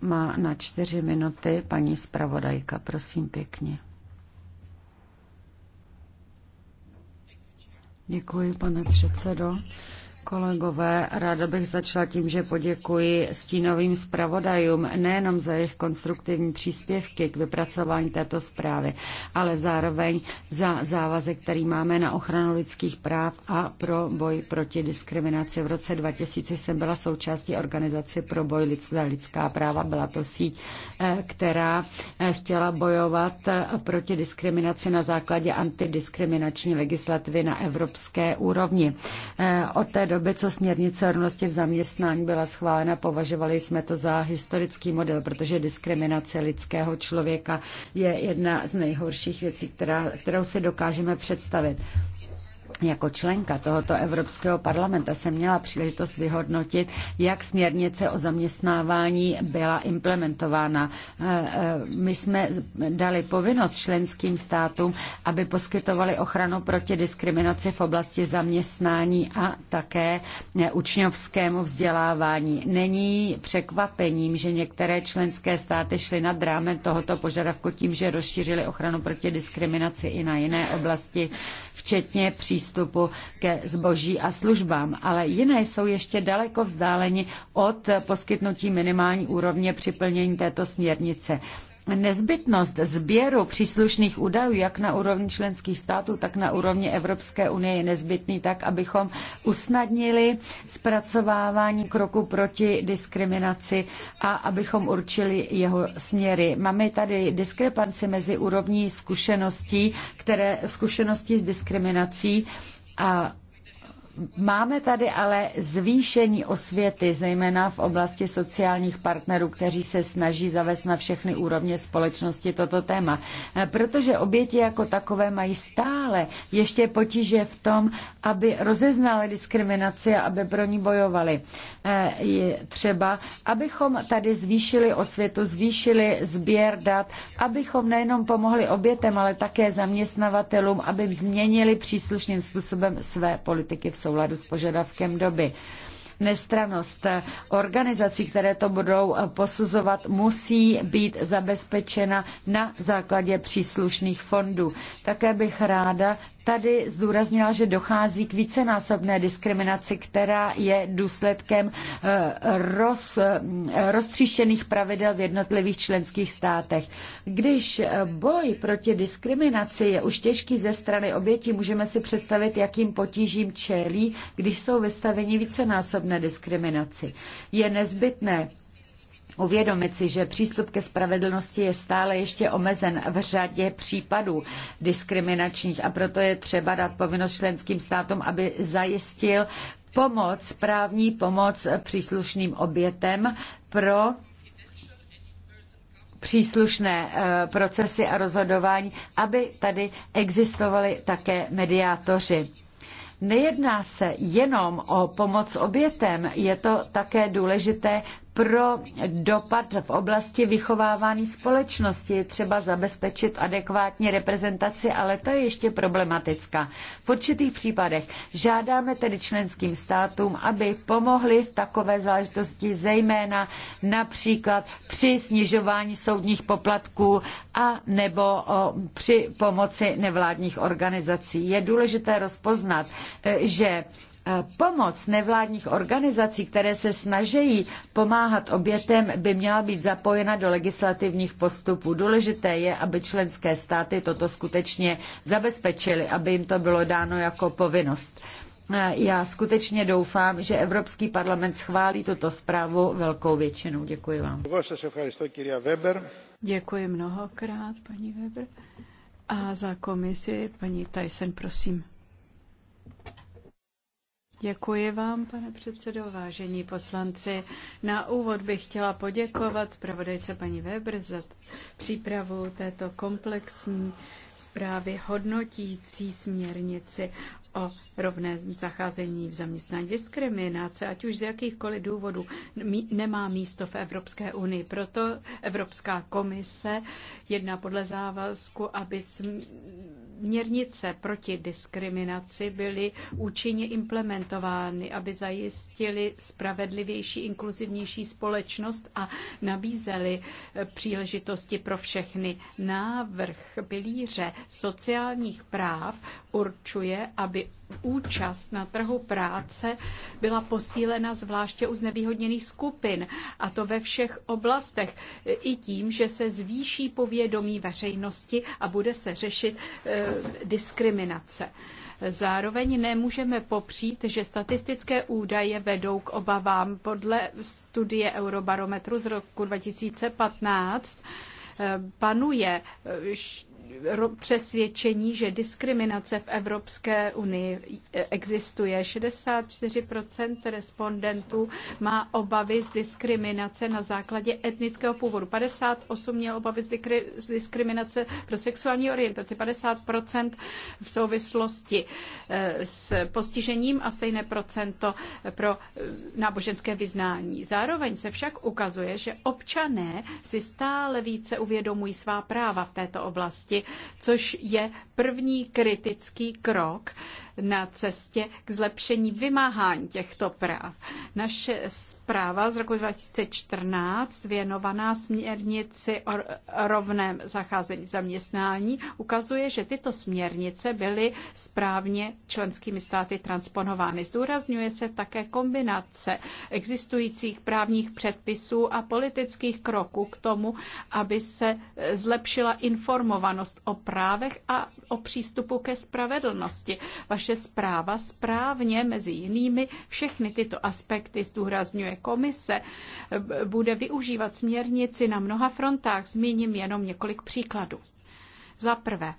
má na čtyři minuty paní zpravodajka. Prosím pěkně. Děkuji, pane předsedo. Kolegové, ráda bych začala tím, že poděkuji stínovým zpravodajům nejenom za jejich konstruktivní příspěvky k vypracování této zprávy, ale zároveň za závazek, který máme na ochranu lidských práv a pro boj proti diskriminaci. V roce 2000 jsem byla součástí organizace pro boj za lidská práva. Byla to síť, eh, která eh, chtěla bojovat eh, proti diskriminaci na základě antidiskriminační legislativy na evropské úrovni. Od té doby době, co směrnice o rovnosti v zaměstnání byla schválena, považovali jsme to za historický model, protože diskriminace lidského člověka je jedna z nejhorších věcí, která, kterou si dokážeme představit. Jako členka tohoto Evropského parlamenta jsem měla příležitost vyhodnotit, jak směrnice o zaměstnávání byla implementována. Eh, eh, my jsme dali povinnost členským státům, aby poskytovali ochranu proti diskriminaci v oblasti zaměstnání a také eh, učňovskému vzdělávání. Není překvapením, že některé členské státy šly nad rámem tohoto požadavku tím, že rozšířili ochranu proti diskriminaci i na jiné oblasti včetně přístupu ke zboží a službám. Ale jiné jsou ještě daleko vzdáleni od poskytnutí minimální úrovně při plnění této směrnice nezbytnost sběru příslušných údajů jak na úrovni členských států, tak na úrovni Evropské unie je nezbytný tak, abychom usnadnili zpracovávání kroku proti diskriminaci a abychom určili jeho směry. Máme tady diskrepanci mezi úrovní zkušeností, které zkušenosti s diskriminací a Máme tady ale zvýšení osvěty, zejména v oblasti sociálních partnerů, kteří se snaží zavést na všechny úrovně společnosti toto téma. Eh, protože oběti jako takové mají stále ještě potíže v tom, aby rozeznali diskriminaci a aby pro ní bojovali. Eh, je třeba, abychom tady zvýšili osvětu, zvýšili sběr dat, abychom nejenom pomohli obětem, ale také zaměstnavatelům, aby změnili příslušným způsobem své politiky v sobě souladu s požadavkem doby nestranost organizací, které to budou posuzovat, musí být zabezpečena na základě příslušných fondů. Také bych ráda tady zdůraznila, že dochází k vícenásobné diskriminaci, která je důsledkem eh, roz, eh, roztříštěných pravidel v jednotlivých členských státech. Když eh, boj proti diskriminaci je už těžký ze strany obětí, můžeme si představit, jakým potížím čelí, když jsou vystaveni vícenásobné diskriminaci. Je nezbytné uvědomit si, že přístup ke spravedlnosti je stále ještě omezen v řadě případů diskriminačních a proto je třeba dát povinnost členským státům, aby zajistil pomoc, právní pomoc příslušným obětem pro příslušné eh, procesy a rozhodování, aby tady existovali také mediátoři. Nejedná se jenom o pomoc obětem, je to také důležité pro dopad v oblasti vychovávání společnosti je třeba zabezpečit adekvátní reprezentaci, ale to je ještě problematická. V určitých případech žádáme tedy členským státům, aby pomohli v takové záležitosti, zejména například při snižování soudních poplatků a nebo při pomoci nevládních organizací. Je důležité rozpoznat, e, že Pomoc nevládních organizací, které se snaží pomáhat obětem, by měla být zapojena do legislativních postupů. Důležité je, aby členské státy toto skutečně zabezpečily, aby jim to bylo dáno jako povinnost. Já skutečně doufám, že Evropský parlament schválí tuto zprávu velkou většinou. Děkuji vám. Děkuji mnohokrát, paní Weber. A za komisi paní Tyson, prosím. Děkuji vám, pane předsedo, vážení poslanci. Na úvod bych chtěla poděkovat zpravodajce paní Weber za přípravu této komplexní zprávy hodnotící směrnici o rovné zacházení v zaměstnání. Diskriminace, ať už z jakýchkoliv důvodů, nemá místo v Evropské unii. Proto Evropská komise jedná podle závazku, aby směrnice proti diskriminaci byly účinně implementovány, aby zajistili spravedlivější, inkluzivnější společnost a nabízely eh, příležitosti pro všechny. Návrh pilíře sociálních práv určuje, aby účast na trhu práce byla posílena zvláště u znevýhodněných skupin, a to ve všech oblastech, i tím, že se zvýší povědomí veřejnosti a bude se řešit e, diskriminace. Zároveň nemůžeme popřít, že statistické údaje vedou k obavám. Podle studie Eurobarometru z roku 2015 e, panuje e, přesvědčení, že diskriminace v Evropské unii existuje. 64% respondentů má obavy z diskriminace na základě etnického původu. 58 měl obavy z diskriminace pro sexuální orientaci. 50% v souvislosti eh, s postižením a stejné procento pro eh, náboženské vyznání. Zároveň se však ukazuje, že občané si stále více uvědomují svá práva v této oblasti oblasti, což je první kritický krok na cestě k zlepšení vymáhání těchto práv. Naše zpráva z roku 2014 věnovaná směrnici o rovném zacházení v zaměstnání ukazuje, že tyto směrnice byly správně členskými státy transponovány. Zdůrazňuje se také kombinace existujících právních předpisů a politických kroků k tomu, aby se zlepšila informovanost pochybnost o právech a o přístupu ke spravedlnosti. Vaše zpráva správně mezi jinými všechny tyto aspekty zdůrazňuje komise, bude využívat směrnici na mnoha frontách. Zmíním jenom několik příkladů. Za prvé,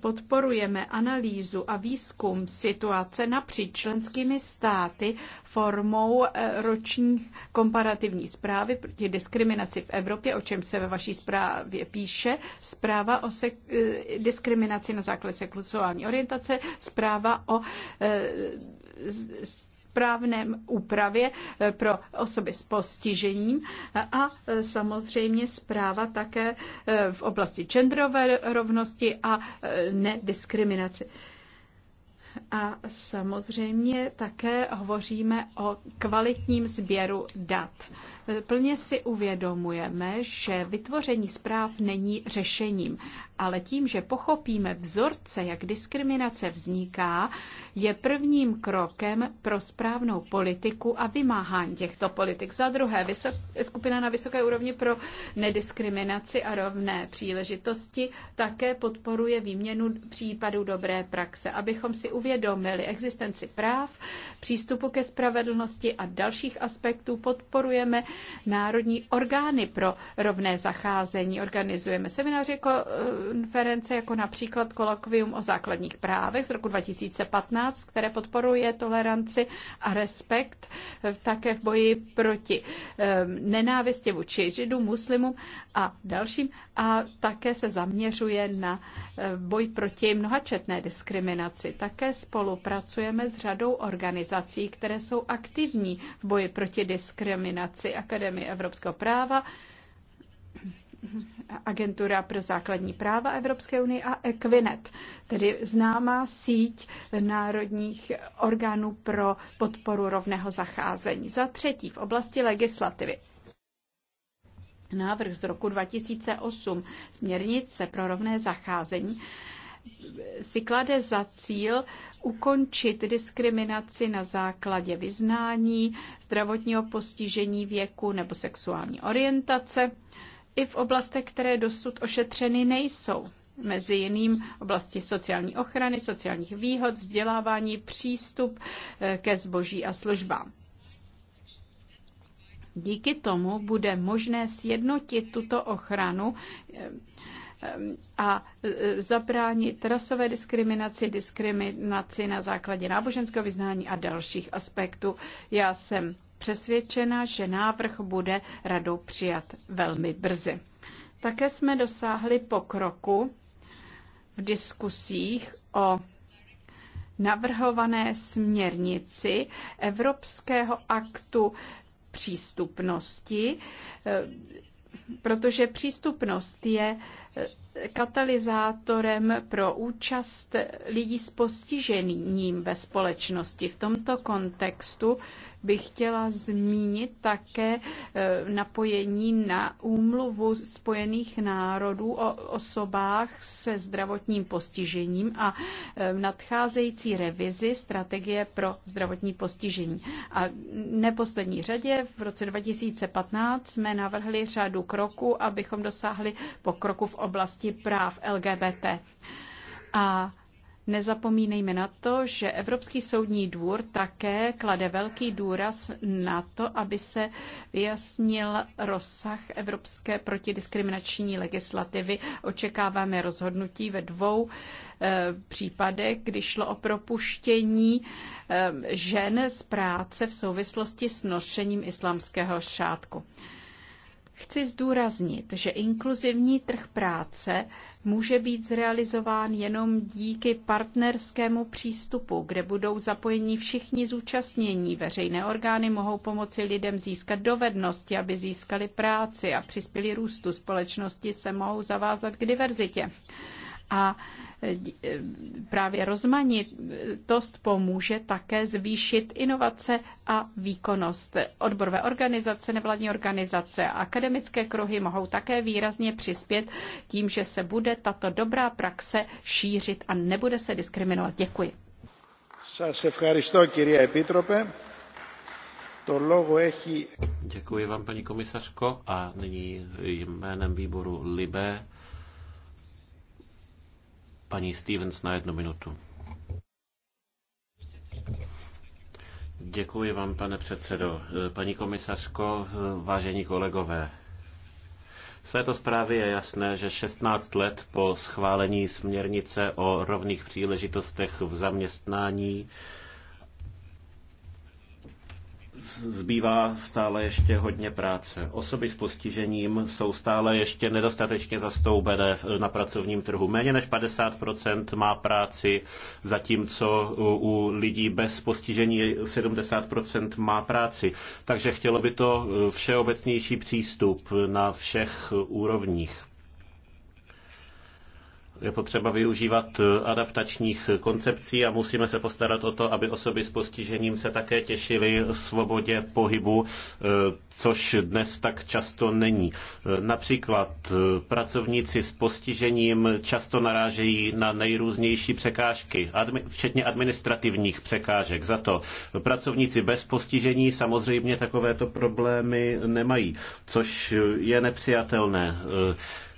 Podporujeme analýzu a výzkum situace napříč členskými státy formou eh, roční komparativní zprávy proti diskriminaci v Evropě, o čem se ve vaší zprávě píše, zpráva o sek- eh, diskriminaci na základě sexuální orientace, zpráva o eh, z, z, správném úpravě eh, pro osoby s postižením eh, a eh, samozřejmě zpráva také v oblasti genderové rovnosti a nediskriminaci. A samozřejmě také hovoříme o kvalitním sběru dat. Plně si uvědomujeme, že vytvoření zpráv není řešením, ale tím, že pochopíme vzorce, jak diskriminace vzniká, je prvním krokem pro správnou politiku a vymáhání těchto politik. Za druhé, vysok, skupina na vysoké úrovni pro nediskriminaci a rovné příležitosti také podporuje výměnu případů dobré praxe, abychom si uvědomili existenci práv, přístupu ke spravedlnosti a dalších aspektů podporujeme národní orgány pro rovné zacházení. Organizujeme semináře, konference, jako například kolokvium o základních právech z roku 2015, které podporuje toleranci a respekt také v boji proti ehm, nenávistě vůči židům, muslimům a dalším a také se zaměřuje na ehm, boj proti mnohačetné diskriminaci. Také spolupracujeme s řadou organizací, které jsou aktivní v boji proti diskriminaci Akademie evropského práva, Agentura pro základní práva Evropské unie a Equinet, tedy známá síť národních orgánů pro podporu rovného zacházení. Za třetí v oblasti legislativy. Návrh z roku 2008 směrnice pro rovné zacházení si klade za cíl ukončit diskriminaci na základě vyznání, zdravotního postižení věku nebo sexuální orientace i v oblastech, které dosud ošetřeny nejsou. Mezi jiným oblasti sociální ochrany, sociálních výhod, vzdělávání, přístup eh, ke zboží a službám. Díky tomu bude možné sjednotit tuto ochranu eh, Ehm, a e, zabránit rasové diskriminaci, diskriminaci na základě náboženského vyznání a dalších aspektů. Já jsem přesvědčena, že návrh bude radou přijat velmi brzy. Také jsme dosáhli pokroku v diskusích o navrhované směrnici Evropského aktu přístupnosti ehm, protože přístupnost je eh, katalyzátorem pro účast lidí s postižením ve společnosti. V tomto kontextu bych chtěla zmínit také eh, napojení na úmluvu Spojených národů o osobách se zdravotním postižením a eh, nadcházející revizi strategie pro zdravotní postižení. A neposlední řadě v roce 2015 jsme navrhli řadu kroků, abychom dosáhli pokroku v oblasti práv LGBT. A Nezapomínejme na to, že Evropský soudní dvůr také klade velký důraz na to, aby se vyjasnil rozsah evropské protidiskriminační legislativy. Očekáváme rozhodnutí ve dvou eh, případech, kdy šlo o propuštění eh, žen z práce v souvislosti s nošením islámského šátku. Chci zdůraznit, že inkluzivní trh práce může být zrealizován jenom díky partnerskému přístupu, kde budou zapojeni všichni zúčastnění. Veřejné orgány mohou pomoci lidem získat dovednosti, aby získali práci a přispěli růstu společnosti, se mohou zavázat k diverzitě. A e, e, právě rozmanitost pomůže také zvýšit inovace a výkonnost. Odborové organizace, nevládní organizace a akademické kruhy mohou také výrazně přispět tím, že se bude tato dobrá praxe šířit a nebude se diskriminovat. Děkuji. Děkuji vám, paní komisařko, a nyní jménem výboru Libe Paní Stevens na jednu minutu. Děkuji vám, pane předsedo. Paní komisařko, vážení kolegové, z této zprávy je jasné, že 16 let po schválení směrnice o rovných příležitostech v zaměstnání zbývá stále ještě hodně práce. Osoby s postižením jsou stále ještě nedostatečně zastoupené na pracovním trhu. Méně než 50% má práci, zatímco u lidí bez postižení 70% má práci. Takže chtělo by to eh, všeobecnější přístup na všech úrovních je potřeba využívat eh, adaptačních koncepcí a musíme se postarat o to, aby osoby s postižením se také těšily svobodě pohybu, eh, což dnes tak často není. Eh, například pracovníci s postižením často narážejí na nejrůznější překážky, včetně administrativních překážek. Za to pracovníci bez postižení samozřejmě takovéto problémy nemají, což je nepřijatelné.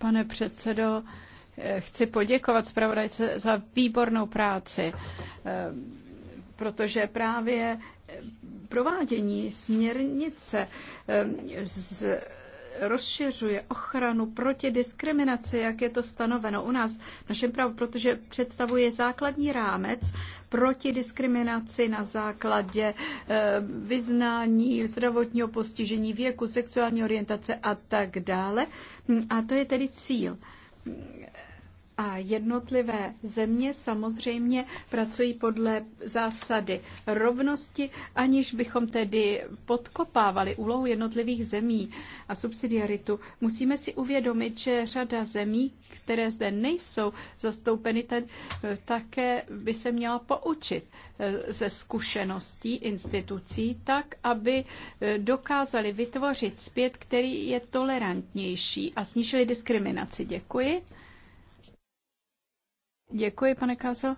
Pane předsedo, chci poděkovat zpravodajce za výbornou práci, protože právě provádění směrnice z rozšiřuje ochranu proti diskriminaci, jak je to stanoveno u nás v našem právu, protože představuje základní rámec proti diskriminaci na základě eh, vyznání, zdravotního postižení, věku, sexuální orientace a tak dále. A to je tedy cíl a jednotlivé země samozřejmě pracují podle zásady rovnosti, aniž bychom tedy podkopávali úlohu jednotlivých zemí a subsidiaritu. Musíme si uvědomit, že řada zemí, které zde nejsou zastoupeny, ten, eh, také by se měla poučit eh, ze zkušeností institucí tak, aby eh, dokázali vytvořit zpět, který je tolerantnější a snížili diskriminaci. Děkuji. Děkuji, pane Kazo.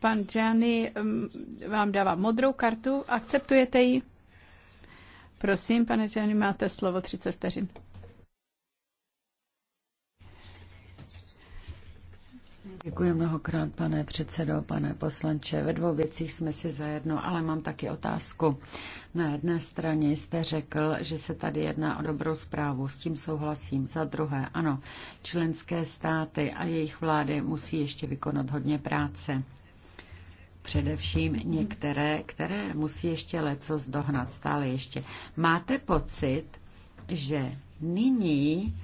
Pan Gianni um, vám dává modrou kartu. Akceptujete ji? Prosím, pane Gianni, máte slovo 30 vteřin. Děkuji mnohokrát, pane předsedo, pane poslanče. Ve dvou věcích jsme si zajedno, ale mám taky otázku. Na jedné straně jste řekl, že se tady jedná o dobrou zprávu, s tím souhlasím. Za druhé, ano, členské státy a jejich vlády musí ještě vykonat hodně práce. Především některé, které musí ještě leco zdohnat, stále ještě. Máte pocit, že nyní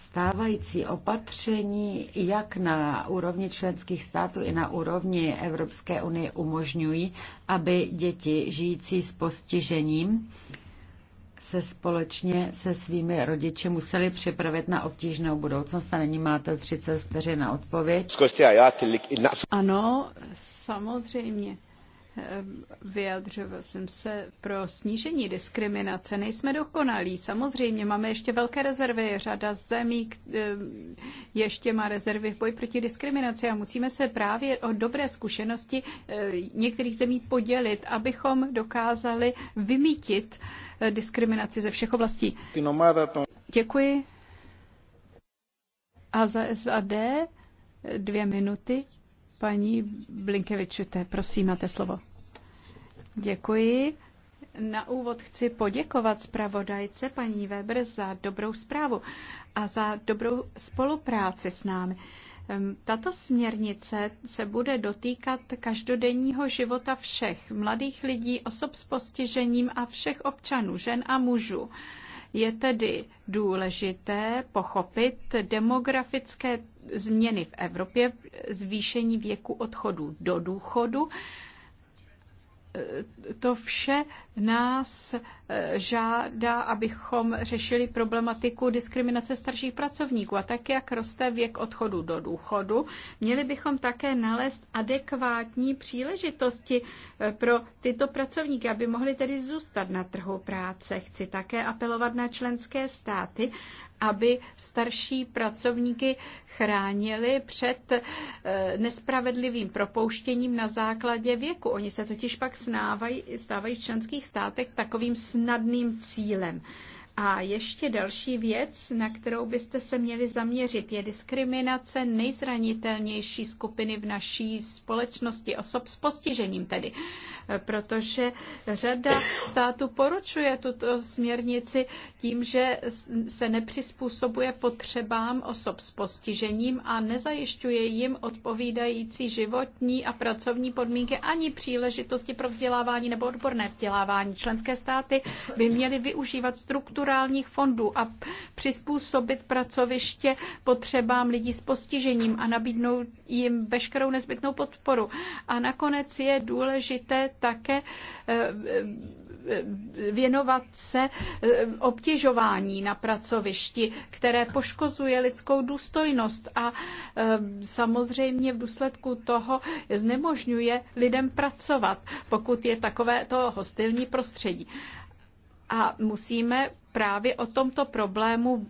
stávající opatření jak na úrovni členských států i na úrovni Evropské unie umožňují, aby děti žijící s postižením se společně se svými rodiči museli připravit na obtížnou budoucnost a není máte 30 vteřin na odpověď. Ano, samozřejmě. Eh, vyjadřoval jsem se pro snížení diskriminace. Nejsme dokonalí. Samozřejmě máme ještě velké rezervy. Řada zemí eh, ještě má rezervy v boji proti diskriminaci a musíme se právě o dobré zkušenosti eh, některých zemí podělit, abychom dokázali vymítit diskriminaci ze všech oblastí. Děkuji. A za SAD dvě minuty Paní Blinkevičute, prosím, máte slovo. Děkuji. Na úvod chci poděkovat zpravodajce paní Weber za dobrou zprávu a za dobrou spolupráci s námi. Ehm, tato směrnice se bude dotýkat každodenního života všech mladých lidí, osob s postižením a všech občanů, žen a mužů. Je tedy důležité pochopit demografické změny v Evropě, zvýšení věku odchodu do důchodu. To vše nás eh, žádá, abychom řešili problematiku diskriminace starších pracovníků. A tak, jak roste věk odchodu do důchodu, měli bychom také nalézt adekvátní příležitosti eh, pro tyto pracovníky, aby mohli tedy zůstat na trhu práce. Chci také apelovat na členské státy, aby starší pracovníky chránili před eh, nespravedlivým propouštěním na základě věku. Oni se totiž pak snávají, stávají členských Spojených státech takovým snadným cílem. A ještě další věc, na kterou byste se měli zaměřit, je diskriminace nejzranitelnější skupiny v naší společnosti, osob s postižením tedy protože řada států poručuje tuto směrnici tím, že se nepřizpůsobuje potřebám osob s postižením a nezajišťuje jim odpovídající životní a pracovní podmínky ani příležitosti pro vzdělávání nebo odborné vzdělávání. Členské státy by měly využívat strukturálních fondů a přizpůsobit pracoviště potřebám lidí s postižením a nabídnout jim veškerou nezbytnou podporu. A nakonec je důležité také eh, eh, věnovat se eh, obtěžování na pracovišti, které poškozuje lidskou důstojnost a samozřejmě v důsledku toho znemožňuje lidem pracovat, pokud je takové to hostilní prostředí. A musíme právě o tomto problému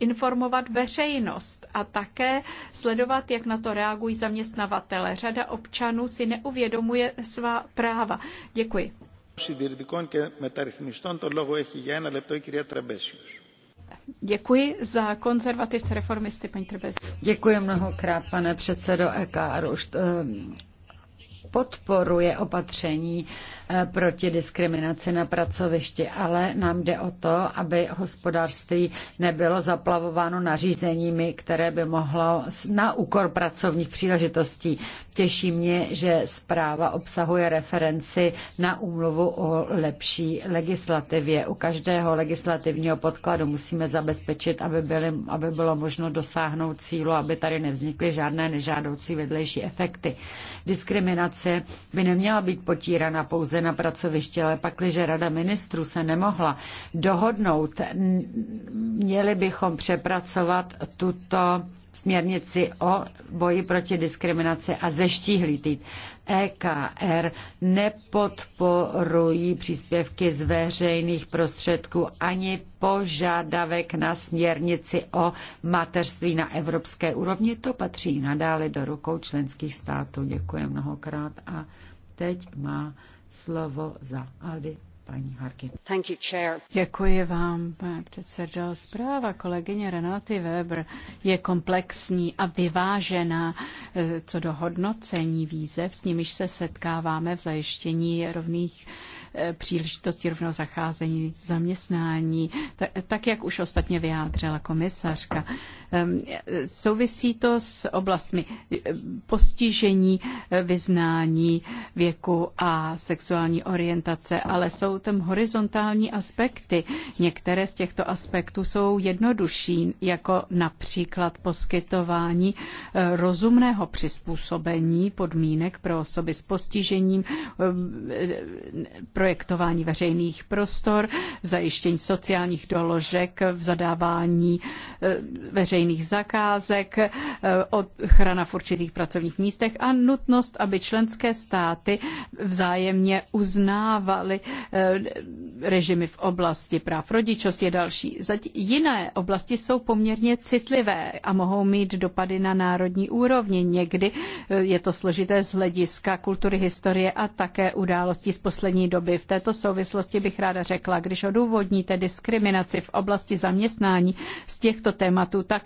informovat veřejnost a také sledovat, jak na to reagují zaměstnavatele. Řada občanů si neuvědomuje svá práva. Děkuji. Děkuji za konzervativce reformisty, paní Trebesius. Děkuji mnohokrát, pane předsedo EKR. Už eh, podporuje opatření eh, proti diskriminaci na pracovišti, ale nám jde o to, aby hospodářství nebylo zaplavováno nařízeními, které by mohlo na úkor pracovních příležitostí. Těší mě, že zpráva obsahuje referenci na úmluvu o lepší legislativě. U každého legislativního podkladu musíme zabezpečit, aby, byly, aby bylo možno dosáhnout cílu, aby tady nevznikly žádné nežádoucí vedlejší efekty. Diskriminace práce by neměla být potírána pouze na pracovišti, ale pakliže Rada ministrů se nemohla dohodnout, měli bychom přepracovat tuto směrnici o boji proti diskriminaci a zeštíhlý EKR nepodporují příspěvky z veřejných prostředků ani požadavek na směrnici o mateřství na evropské úrovni. To patří nadále do rukou členských států. Děkuji mnohokrát a teď má slovo za Aldi paní Harky. Thank you, chair. Děkuji vám, pane předsedo. Zpráva kolegyně Renaty Weber je komplexní a vyvážená eh, co do hodnocení výzev, s nimiž se setkáváme v zajištění rovných eh, příležitosti rovného zacházení, zaměstnání, tak, tak jak už ostatně vyjádřila komisařka. Ehm, souvisí to s oblastmi eh, postižení, eh, vyznání, věku a sexuální orientace, ale jsou tam horizontální aspekty. Některé z těchto aspektů jsou jednodušší, jako například poskytování eh, rozumného přizpůsobení podmínek pro osoby s postižením, ehm, projektování veřejných prostor, zajištění sociálních doložek v zadávání veřejných veřejných zakázek, eh, ochrana v určitých pracovních místech a nutnost, aby členské státy vzájemně uznávaly eh, režimy v oblasti práv rodičosti je další. Jiné oblasti jsou poměrně citlivé a mohou mít dopady na národní úrovni. Někdy eh, je to složité z hlediska kultury, historie a také událostí z poslední doby. V této souvislosti bych ráda řekla, když odůvodníte diskriminaci v oblasti zaměstnání z těchto tématů, tak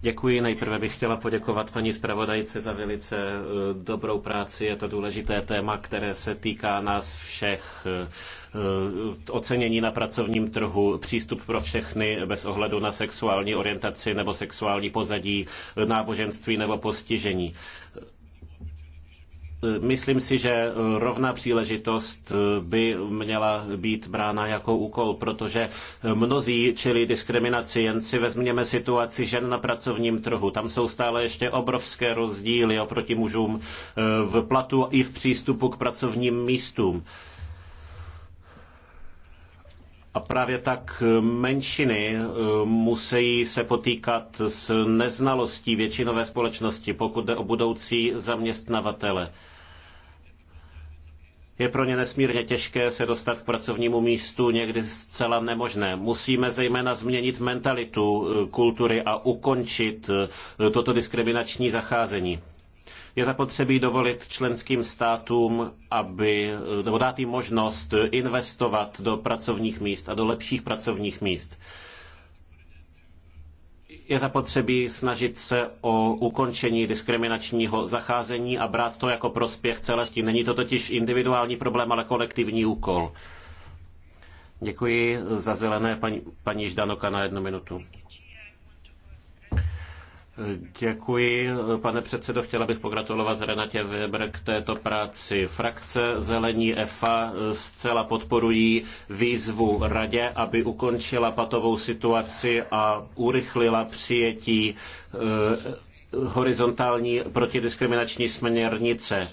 Děkuji. Nejprve bych chtěla poděkovat paní zpravodajce za velice eh, dobrou práci. Je to důležité téma, které se týká nás všech. Eh, ocenění na pracovním trhu, přístup pro všechny bez ohledu na sexuální orientaci nebo sexuální pozadí, náboženství nebo postižení. Myslím si, že eh, rovná příležitost eh, by měla být brána jako úkol, protože eh, mnozí čili diskriminaci. Jen si vezměme situaci žen na pracovním trhu. Tam jsou stále ještě obrovské rozdíly oproti mužům v platu i v přístupu k pracovním místům. A právě tak menšiny musí se potýkat s neznalostí většinové společnosti, pokud jde o budoucí zaměstnavatele je pro ně nesmírně těžké se dostat k pracovnímu místu, někdy zcela nemožné. Musíme zejména změnit mentalitu eh, kultury a ukončit eh, toto diskriminační zacházení. Je zapotřebí dovolit členským státům, aby, eh, nebo dát jim možnost investovat do pracovních míst a do lepších pracovních míst je zapotřebí snažit se o ukončení diskriminačního zacházení a brát to jako prospěch celosti. Není to totiž individuální problém, ale kolektivní úkol. Děkuji za zelené paní, paní Ždanoka na jednu minutu. Děkuji, pane předsedo. Chtěla bych pogratulovat Renatě Weber k této práci. Frakce Zelení EFA zcela podporují výzvu radě, aby ukončila patovou situaci a urychlila přijetí eh, horizontální protidiskriminační směrnice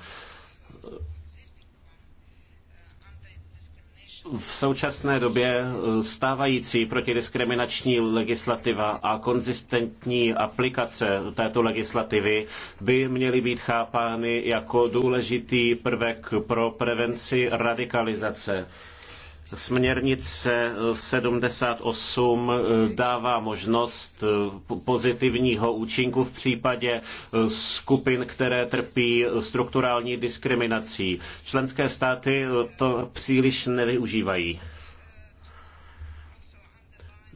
v současné době eh, stávající protidiskriminační legislativa a konzistentní aplikace této legislativy by měly být chápány jako důležitý prvek pro prevenci radikalizace Směrnice 78 eh, dává možnost eh, pozitivního účinku v případě eh, skupin, které trpí strukturální diskriminací. Členské státy to příliš nevyužívají.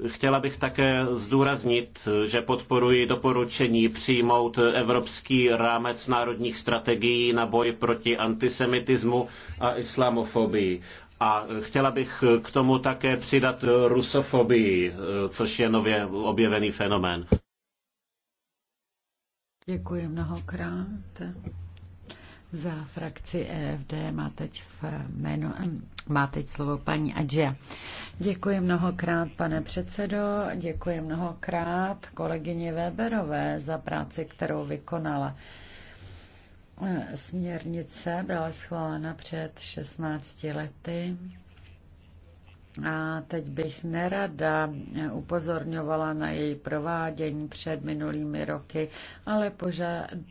Chtěla bych také zdůraznit, že podporuji doporučení přijmout evropský rámec národních strategií na boj proti antisemitismu a islamofobii. A chtěla bych k tomu také přidat rusofobii, což je nově objevený fenomén. Děkuji mnohokrát. Za frakci EFD má teď, v jméno, má teď slovo paní Adžia. Děkuji mnohokrát, pane předsedo, děkuji mnohokrát kolegyni Weberové za práci, kterou vykonala. Směrnice byla schválena před 16 lety. A teď bych nerada upozorňovala na její provádění před minulými roky, ale poža-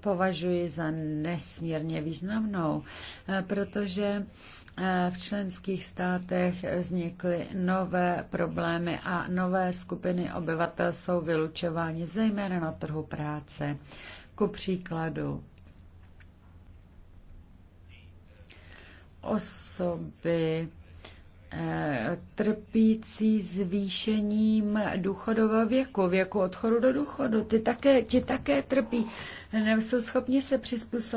považuji za nesmírně významnou, protože eh, v členských státech vznikly nové problémy a nové skupiny obyvatel jsou vylučováni, zejména na trhu práce. Ku příkladu, osoby eh, trpící zvýšením důchodového věku, věku odchodu do důchodu. Ty také, ti také trpí, nejsou schopni se přizpůsobit.